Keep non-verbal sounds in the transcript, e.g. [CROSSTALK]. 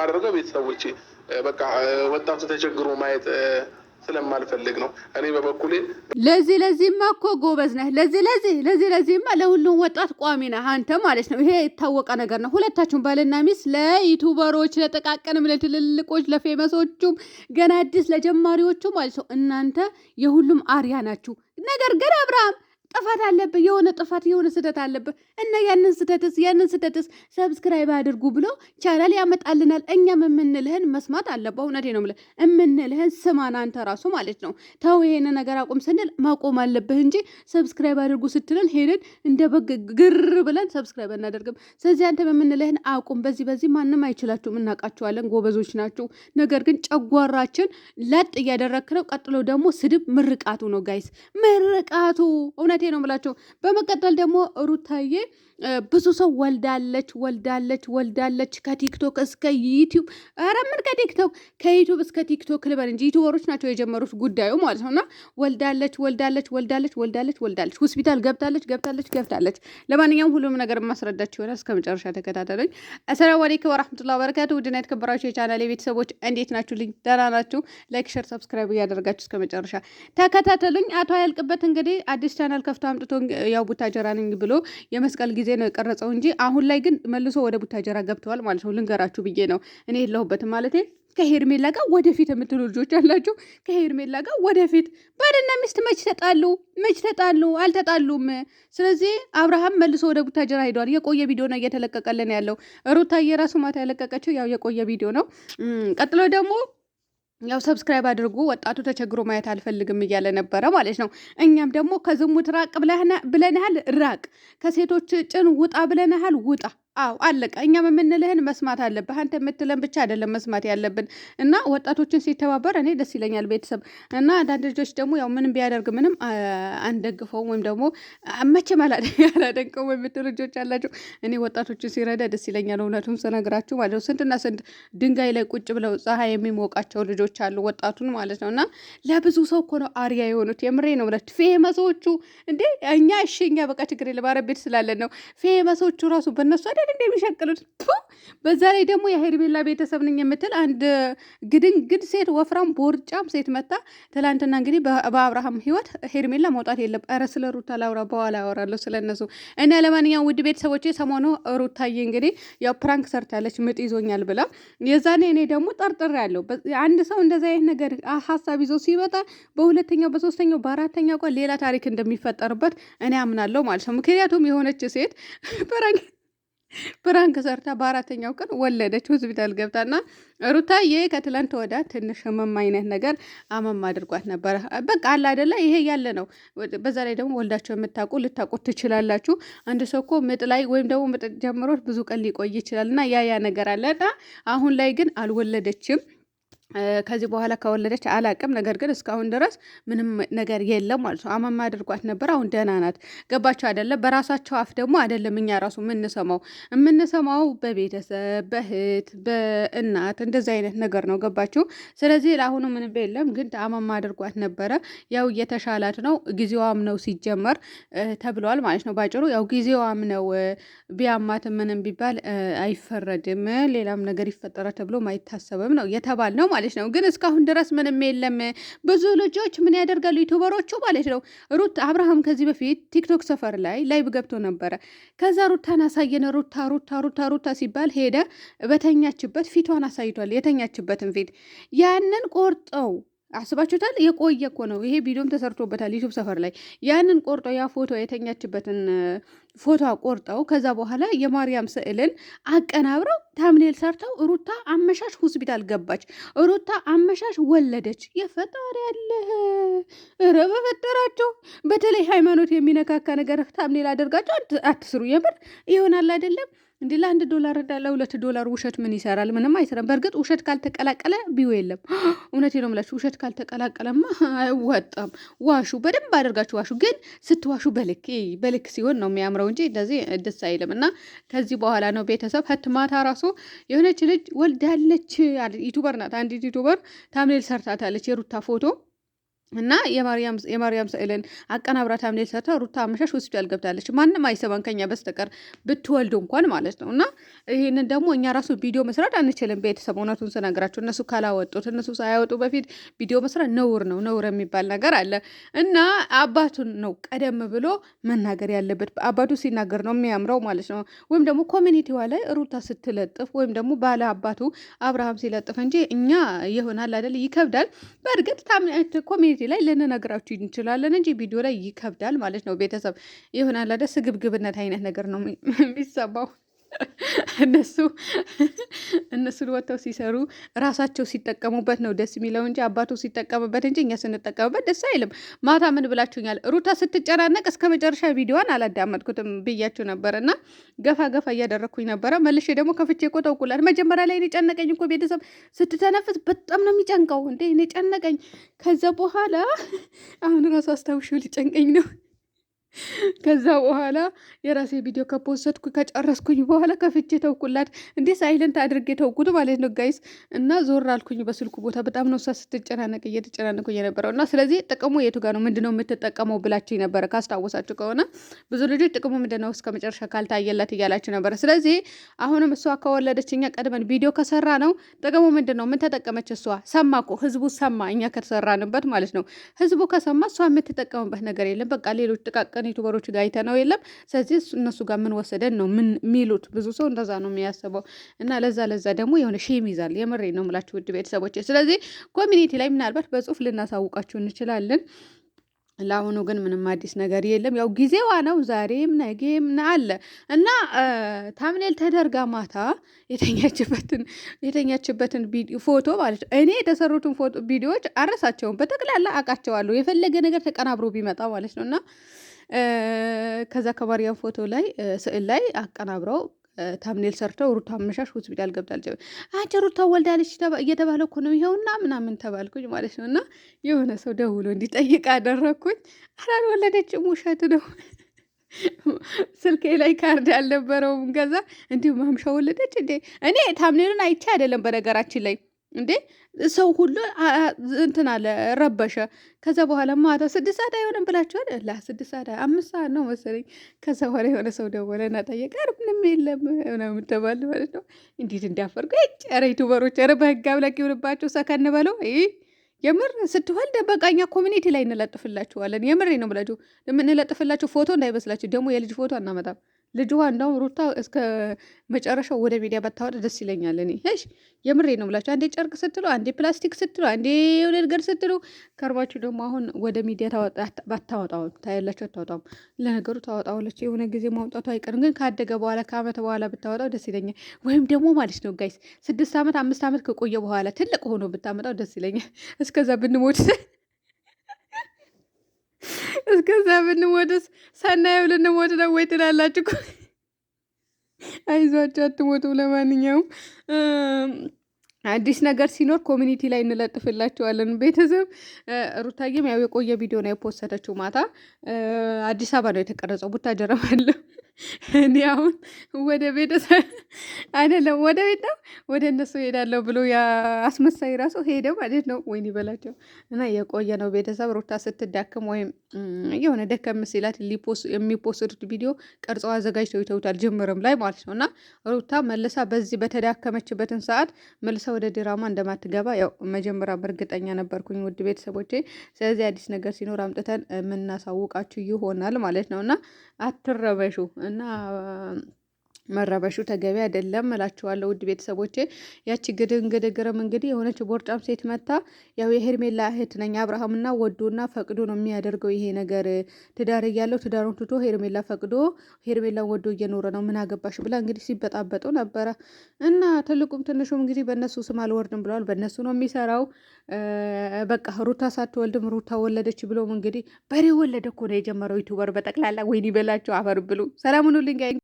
የማደርገው ቤተሰቦች በቃ ወጣቱ ተቸግሮ ማየት ስለማልፈልግ ነው። እኔ በበኩሌ ለዚህ ለዚህማ እኮ ጎበዝ ነህ። ለዚህ ለዚህ ለዚህ ለዚህማ ለሁሉም ወጣት ቋሚ ነህ አንተ ማለት ነው። ይሄ የታወቀ ነገር ነው። ሁለታችሁም ባልና ሚስ ለዩቱበሮች፣ ለጠቃቀንም፣ ለትልልቆች፣ ለፌመሶቹም ገና አዲስ ለጀማሪዎቹ ማለት ነው እናንተ የሁሉም አሪያ ናችሁ። ነገር ግን አብርሃም ጥፋት አለብህ፣ የሆነ ጥፋት የሆነ ስህተት አለብህ እና ያንን ስህተትስ ያንን ስህተትስ ሰብስክራይብ አድርጉ ብሎ ቻናል ያመጣልናል። እኛም የምንልህን መስማት አለብህ። እውነቴ ነው የምልህ፣ የምንልህን ስማን አንተ ራሱ ማለት ነው። ተው ይሄን ነገር አቁም ስንል ማቆም አለብህ እንጂ ሰብስክራይብ አድርጉ ስትለን ሄደን እንደ በግ ግር ብለን ሰብስክራይብ አናደርግም። ስለዚህ አንተ የምንልህን አቁም። በዚህ በዚህ ማንም አይችላችሁም፣ እናውቃችኋለን፣ ጎበዞች ናችሁ። ነገር ግን ጨጓራችን ለጥ እያደረክነው ቀጥሎ ደግሞ ስድብ ምርቃቱ ነው ጋይስ፣ ምርቃቱ እውነት እውነቴ ነው ብላቸው። በመቀጠል ደግሞ ሩታዬ ብዙ ሰው ወልዳለች ወልዳለች ወልዳለች ከቲክቶክ እስከ ዩቲዩብ። ኧረ ምን ከቲክቶክ ከዩቲዩብ እስከ ቲክቶክ ልበል እንጂ ዩቲዩበሮች ናቸው የጀመሩት ጉዳዩ ማለት ነውና፣ ወልዳለች ወልዳለች ወልዳለች ወልዳለች ወልዳለች፣ ሆስፒታል ገብታለች ገብታለች ገብታለች። ለማንኛውም ሁሉም ነገር የማስረዳችሁ ይሆናል። እስከ መጨረሻ ተከታተሉኝ። አሰላሙ አለይኩም ወራህመቱላሂ ወበረካቱ። ውድና የተከበራችሁ የቻናል የቤተሰቦች እንዴት ናችሁ? ልኝ ደህና ናችሁ? ላይክ ሸር፣ ሰብስክራይብ እያደረጋችሁ እስከ መጨረሻ ተከታተሉኝ። አቶ ያልቅበት እንግዲህ አዲስ ቻናል ከፍቶ አምጥቶ ያው ቡታጀራ ነኝ ብሎ የመስቀል ጊዜ ነው የቀረጸው እንጂ አሁን ላይ ግን መልሶ ወደ ቡታጀራ ገብተዋል ማለት ነው። ልንገራችሁ ብዬ ነው እኔ የለሁበትም ማለት ከሄርሜላ ጋር ወደፊት የምትሉ ልጆች አላችሁ። ከሄርሜላ ጋር ወደፊት ባልና ሚስት መች ተጣሉ? መች ተጣሉ? አልተጣሉም። ስለዚህ አብርሃም መልሶ ወደ ቡታጀራ ሄደዋል። የቆየ ቪዲዮ ነው እየተለቀቀልን ያለው። ሩታ ራሱ ማታ ያለቀቀችው ያው የቆየ ቪዲዮ ነው። ቀጥሎ ደግሞ ያው ሰብስክራይብ አድርጉ። ወጣቱ ተቸግሮ ማየት አልፈልግም እያለ ነበረ ማለት ነው። እኛም ደግሞ ከዝሙት ራቅ ብለናሃል፣ ራቅ ከሴቶች ጭን ውጣ ብለናሃል፣ ውጣ አው አለቀ። እኛ የምንልህን መስማት አለብህ። አንተ የምትለን ብቻ አይደለም መስማት ያለብን እና ወጣቶችን ሲተባበር እኔ ደስ ይለኛል። ቤተሰብ እና አንዳንድ ልጆች ደግሞ ያው ምንም ቢያደርግ ምንም አንደግፈውም ወይም ደግሞ መቼም [LAUGHS] አላደንቀው የምትሉ ልጆች አላቸው። እኔ ወጣቶችን ሲረዳ ደስ ይለኛል። እውነቱም ስነግራችሁ ማለት ነው። ስንትና ስንት ድንጋይ ላይ ቁጭ ብለው ፀሐይ የሚሞቃቸው ልጆች አሉ፣ ወጣቱን ማለት ነው። እና ለብዙ ሰው እኮ ነው አርያ የሆኑት። የምሬ ነው ብለት ፌመሶቹ እንዴ እኛ እሺ፣ እኛ በቃ ችግር የለም አረብ ስላለን ነው። ፌመሶቹ ራሱ በነሱ አይደል አይደል እንደሚሸቅሉት። በዛ ላይ ደግሞ የሄርሜላ ቤተሰብ ነኝ የምትል አንድ ግድንግድ ሴት፣ ወፍራም ቦርጫም ሴት መጣ ትላንትና። እንግዲህ በአብርሃም ህይወት ሄርሜላ መውጣት የለም። ኧረ ስለ ሩታ ላውራ በኋላ ያወራለሁ ስለነሱ እና ለማንኛውም ውድ ቤተሰቦች ሰሞኑ ሩታዬ እንግዲህ ያው ፕራንክ ሰርታለች፣ ምጥ ይዞኛል ብላ የዛኔ እኔ ደግሞ ጠርጥር ያለው አንድ ሰው እንደዚ አይነት ነገር ሀሳብ ይዞ ሲመጣ በሁለተኛው በሶስተኛው በአራተኛው ቀን ሌላ ታሪክ እንደሚፈጠርበት እኔ አምናለሁ ማለት ነው። ምክንያቱም የሆነች ሴት ፕራንክ ፕራንክ ሰርታ በአራተኛው ቀን ወለደች ሆስፒታል ገብታና ሩታዬ ከትላንት ወዳ ትንሽ ህመም አይነት ነገር አመም አድርጓት ነበረ። በቃ አለ አይደለ? ይሄ ያለ ነው። በዛ ላይ ደግሞ ወልዳቸው የምታውቁ ልታውቁት ትችላላችሁ። አንድ ሰው እኮ ምጥ ላይ ወይም ደግሞ ምጥ ጀምሮ ብዙ ቀን ሊቆይ ይችላል እና ያ ያ ነገር አለና አሁን ላይ ግን አልወለደችም። ከዚህ በኋላ ከወለደች አላቅም። ነገር ግን እስካሁን ድረስ ምንም ነገር የለም ማለት ነው። አማማ አድርጓት ነበር። አሁን ደህና ናት። ገባቸው አይደለም? በራሳቸው አፍ ደግሞ አይደለም እኛ ራሱ የምንሰማው የምንሰማው በቤተሰብ በእህት በእናት እንደዚህ አይነት ነገር ነው። ገባችሁ? ስለዚህ ለአሁኑ ምንም የለም፣ ግን አማማ አድርጓት ነበረ። ያው እየተሻላት ነው። ጊዜዋም ነው ሲጀመር ተብሏል ማለት ነው። ባጭሩ ያው ጊዜዋም ነው። ቢያማት ምንም ቢባል አይፈረድም፣ ሌላም ነገር ይፈጠራል ተብሎ አይታሰብም ነው የተባል ነው ማለት ነው። ግን እስካሁን ድረስ ምንም የለም። ብዙ ልጆች ምን ያደርጋሉ ዩቱበሮቹ ማለት ነው። ሩት አብርሃም ከዚህ በፊት ቲክቶክ ሰፈር ላይ ላይቭ ገብቶ ነበረ። ከዛ ሩታን አሳየን ሩታ ሩታ ሩታ ሩታ ሲባል ሄደ። በተኛችበት ፊቷን አሳይቷል። የተኛችበትን ፊት ያንን ቆርጠው አስባችሁታል? የቆየ እኮ ነው ይሄ ቪዲዮም ተሰርቶበታል ዩቱብ ሰፈር ላይ ያንን ቆርጦ ያ ፎቶ የተኛችበትን ፎቶ ቆርጠው ከዛ በኋላ የማርያም ስዕልን አቀናብረው ታምኔል ሰርተው ሩታ አመሻሽ ሆስፒታል ገባች፣ ሩታ አመሻሽ ወለደች። የፈጣሪ ያለ ረ በፈጠራቸው በተለይ ሃይማኖት የሚነካካ ነገር ታምኔል አደርጋቸው አትስሩ። የምር ይሆናል አይደለም እንዲ ለአንድ ዶላር እዳ ለሁለት ዶላር ውሸት ምን ይሰራል? ምንም አይሰራም። በእርግጥ ውሸት ካልተቀላቀለ ቢዩ የለም። እውነት ነው የምላችሁ፣ ውሸት ካልተቀላቀለማ አይወጣም። ዋሹ፣ በደንብ አድርጋችሁ ዋሹ። ግን ስትዋሹ በልክ በልክ ሲሆን ነው የሚያምረው። የሚያምረው እንጂ እንደዚህ ደስ አይልም። እና ከዚህ በኋላ ነው ቤተሰብ ህትማታ ራሱ የሆነች ልጅ ወልዳለች። ዩቱበር ናት። አንዲት ዩቱበር ታምኔል ሰርታታለች የሩታ ፎቶ እና የማርያም ስዕልን አቀናብራ ታምሌል ሰርታ ሩታ አመሻሽ ሆስፒታል ገብታለች። ማንም አይሰማን ከኛ በስተቀር ብትወልዱ እንኳን ማለት ነው። እና ይህንን ደግሞ እኛ ራሱ ቪዲዮ መስራት አንችልም። ቤተሰብ እውነቱን ስነግራቸው እነሱ ካላወጡት እነሱ ሳያወጡ በፊት ቪዲዮ መስራት ነውር ነው፣ ነውር የሚባል ነገር አለ። እና አባቱን ነው ቀደም ብሎ መናገር ያለበት። አባቱ ሲናገር ነው የሚያምረው ማለት ነው። ወይም ደግሞ ኮሚኒቲዋ ላይ ሩታ ስትለጥፍ ወይም ደግሞ ባለ አባቱ አብርሃም ሲለጥፍ እንጂ እኛ ይሆናል አይደል? ይከብዳል። በእርግጥ ኮሚኒቲ ኮሚኒቲ ላይ ልንነግራችሁ እንችላለን እንጂ ቪዲዮ ላይ ይከብዳል ማለት ነው። ቤተሰብ ይሆናል አይደል? ስግብግብነት አይነት ነገር ነው የሚሰማው። እነሱ እነሱን ወጥተው ሲሰሩ ራሳቸው ሲጠቀሙበት ነው ደስ የሚለው እንጂ አባቱ ሲጠቀምበት እንጂ እኛ ስንጠቀምበት ደስ አይልም። ማታ ምን ብላችሁኛል? ሩታ ስትጨናነቅ እስከ መጨረሻ ቪዲዮዋን አላዳመጥኩትም ብያችሁ ነበር እና ገፋ ገፋ እያደረግኩኝ ነበረ። መልሼ ደግሞ ከፍቼ እኮ ተውኩላት። መጀመሪያ ላይ እኔ ጨነቀኝ እኮ ቤተሰብ ስትተነፍስ በጣም ነው የሚጨንቀው እንዴ፣ እኔ ጨነቀኝ። ከዛ በኋላ አሁን ራሱ አስታውሽው ሊጨንቀኝ ነው ከዛ በኋላ የራሴ ቪዲዮ ከፖስትኩ ከጨረስኩኝ በኋላ ከፍቼ ተውኩላት። እንዴ ሳይለንት አድርጌ ተውኩት ማለት ነው ጋይስ። እና ዞር አልኩኝ በስልኩ ቦታ በጣም ነው እሷ ስትጨናነቅ እየተጨናነኩኝ የነበረው እና ስለዚህ ጥቅሙ የቱ ጋር ነው? ምንድነው የምትጠቀመው ብላችሁ ነበረ ካስታወሳችሁ ከሆነ ብዙ ልጆች ጥቅሙ ምንድነው እስከ መጨረሻ ካልታየላት እያላችሁ ነበረ። ስለዚህ አሁንም እሷ ከወለደች እኛ ቀድመን ቪዲዮ ከሰራ ነው ጥቅሙ ምንድነው? ምን ተጠቀመች እሷ? ሰማ እኮ ህዝቡ ሰማ፣ እኛ ከተሰራንበት ማለት ነው። ህዝቡ ከሰማ እሷ የምትጠቀምበት ነገር የለም። በቃ ሌሎች ጥቃቅን ቀን ዩቱበሮች ጋር አይተነው የለም። ስለዚህ እነሱ ጋር ምን ወሰደን ነው ምን የሚሉት። ብዙ ሰው እንደዛ ነው የሚያስበው እና ለዛ ለዛ ደግሞ የሆነ ሼም ይዛል። የምሬ ነው የምላችሁ ውድ ቤተሰቦች። ስለዚህ ኮሚኒቲ ላይ ምናልባት በጽሁፍ ልናሳውቃችሁ እንችላለን። ለአሁኑ ግን ምንም አዲስ ነገር የለም። ያው ጊዜዋ ነው። ዛሬም ነገም አለ እና ታምኔል ተደርጋ ማታ የተኛችበትን የተኛችበትን ፎቶ ማለት ነው። እኔ የተሰሩትን ፎቶ ቪዲዮዎች አረሳቸውም፣ በጠቅላላ አውቃቸዋለሁ። የፈለገ ነገር ተቀናብሮ ቢመጣ ማለት ነው እና ከዛ ከማርያም ፎቶ ላይ ስዕል ላይ አቀናብረው ታምኔል ሰርተው ሩታ አመሻሽ ሆስፒታል ገብታለች። አንቺ ሩታ ወልዳለች እየተባለ እኮ ነው ይኸውና ምናምን ተባልኩኝ ማለት ነው። እና የሆነ ሰው ደውሎ እንዲጠይቅ አደረግኩኝ። አላልወለደችም፣ ውሸት ነው። ስልኬ ላይ ካርድ አልነበረውም። ገዛ እንዲሁ ማምሻ ወለደች እንዴ? እኔ ታምኔልን አይቼ አይደለም በነገራችን ላይ እንዴ ሰው ሁሉ እንትን አለ ረበሸ። ከዛ በኋላ ማታ ስድስት ሰዓት አይሆንም ብላችኋል። ላ ስድስት ሰዓት አምስት ሰዓት ነው መሰለኝ። ከዛ በኋላ የሆነ ሰው ደወለ እና ጠየቀ። ኧረ ምንም የለም ምናምን ተባለ ማለት ነው። እንዴት እንዳፈርገ ጨረ ዩቱበሮች፣ ጨረ በህግ አምላክ ይሆንባቸው፣ ሰከን በለው። ይ የምር ስትወልድ በቃኛ ኮሚኒቲ ላይ እንለጥፍላችኋለን። የምር ነው ብላችሁ የምንለጥፍላችሁ ፎቶ እንዳይመስላችሁ ደግሞ የልጅ ፎቶ አናመጣም። ልጅዋ እንደውም ሩታ እስከ መጨረሻው ወደ ሚዲያ ባታወጣ ደስ ይለኛል። እኔ እሺ የምሬ ነው ብላችሁ አንዴ ጨርቅ ስትሉ፣ አንዴ ፕላስቲክ ስትሉ፣ አንዴ የሆነ ነገር ስትሉ ከርባችሁ ደግሞ አሁን ወደ ሚዲያ ባታወጣው ታያላችሁ። አታወጣውም። ለነገሩ ታወጣዋለች የሆነ ጊዜ ማውጣቱ አይቀርም። ግን ካደገ በኋላ ከአመት በኋላ ብታወጣው ደስ ይለኛል። ወይም ደግሞ ማለት ነው ጋይስ ስድስት አመት አምስት አመት ከቆየ በኋላ ትልቅ ሆኖ ብታመጣው ደስ ይለኛል። እስከዛ ብንሞት እስከዛ ብንሞትስ ሳናየው ልንሞት ነው ወይ ትላላችሁ። አይዟቸው አትሞቱ። ለማንኛውም አዲስ ነገር ሲኖር ኮሚኒቲ ላይ እንለጥፍላችኋለን። ቤተሰብ ሩታዬም ያው የቆየ ቪዲዮ ነው የፖሰተችው። ማታ አዲስ አበባ ነው የተቀረጸው። ቡታ ጀረባለሁ እኔ አሁን ወደ ቤተሰብ አይደለም ወደ ቤት ነው ወደ እነሱ ሄዳለሁ ብሎ አስመሳይ ራሱ ሄደ ማለት ነው። ወይን በላቸው እና የቆየ ነው ቤተሰብ ሩታ ስትዳክም ወይም የሆነ ደከም ሲላት የሚፖስዱት ቪዲዮ ቀርጾ አዘጋጅተው ይተውታል ጅምርም ላይ ማለት ነው። እና ሩታ መልሳ በዚህ በተዳከመችበትን ሰዓት መልሳ ወደ ድራማ እንደማትገባ ያው መጀመሪያ በእርግጠኛ ነበርኩኝ፣ ውድ ቤተሰቦቼ። ስለዚህ አዲስ ነገር ሲኖር አምጥተን የምናሳውቃችሁ ይሆናል ማለት ነው እና አትረበሹ። እና መረበሹ ተገቢ አይደለም እላችኋለሁ። ውድ ቤተሰቦቼ ያቺ ግድን ግድግርም እንግዲህ የሆነች ቦርጫም ሴት መታ ያው የሄርሜላ እህት ነኝ አብርሃምና ወዶና ፈቅዶ ነው የሚያደርገው ይሄ ነገር ትዳር እያለው ትዳሩን ትቶ ሄርሜላ ፈቅዶ ሄርሜላ ወዶ እየኖረ ነው ምን አገባሽ ብላ እንግዲህ ሲበጣበጡ ነበረ እና ትልቁም ትንሹም እንግዲህ በእነሱ ስም አልወርድም ብለዋል። በእነሱ ነው የሚሰራው። በቃ ሩታ ሳትወልድም ሩታ ወለደች ብሎም እንግዲህ በሬ ወለደ እኮ ነው የጀመረው ዩቱበር በጠቅላላ ወይን በላቸው አፈር ብሉ። ሰላም